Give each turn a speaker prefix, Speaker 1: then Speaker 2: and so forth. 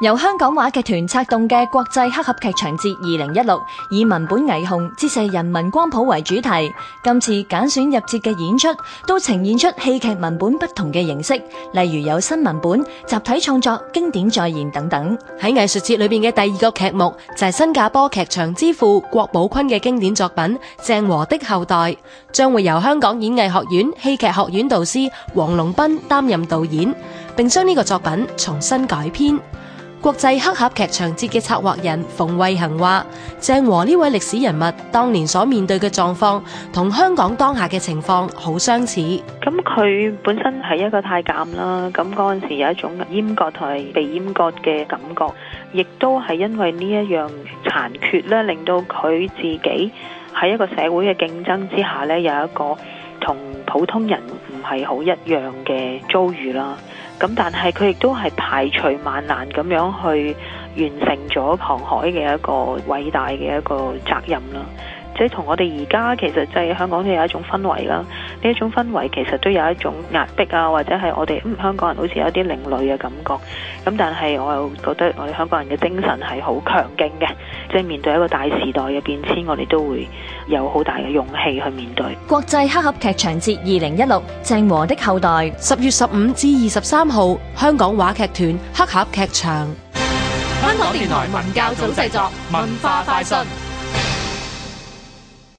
Speaker 1: 由香港話劇團策動嘅國際黑盒劇場節二零一六，以文本霓虹折射人文光譜為主題。今次揀選入節嘅演出，都呈現出戲劇文本不同嘅形式，例如有新文本、
Speaker 2: 集體創作、經典再現等等。喺藝術節裏邊嘅第二個劇目就係新加坡劇場之父郭寶昆嘅經典作品《鄭和的後代》，將會由香港演藝學院戲劇學院導師黃龍斌擔任導演，並將呢個作品重新改編。國際黑盒劇場節嘅策劃人馮慧恆話：鄭和呢位歷史人物當年所面對嘅狀況，同香港當下嘅
Speaker 3: 情況好相似。咁佢本身係一個太監啦，咁嗰陣時有一種閹割同埋被閹割嘅感覺，亦都係因為呢一樣殘缺咧，令到佢自己喺一個社會嘅競爭之下咧，有一個。同普通人唔係好一樣嘅遭遇啦，咁但係佢亦都係排除萬難咁樣去完成咗航海嘅一個偉大嘅一個責任啦。即係同我哋而家，其實就係香港都有一種氛圍啦。呢一種氛圍其實都有一種壓迫啊，或者係我哋嗯香港人好似有啲另類嘅感覺，咁但係我又覺得我哋香港人嘅精神係好強勁嘅。即係面對一個大時代嘅變遷，我哋都會有好大嘅勇氣去面對。國際
Speaker 1: 黑盒劇場節二零一六《鄭和的後代》，十月十五至二十三號，香
Speaker 2: 港話劇團黑盒劇場。香港電台文教組製作，文化快訊。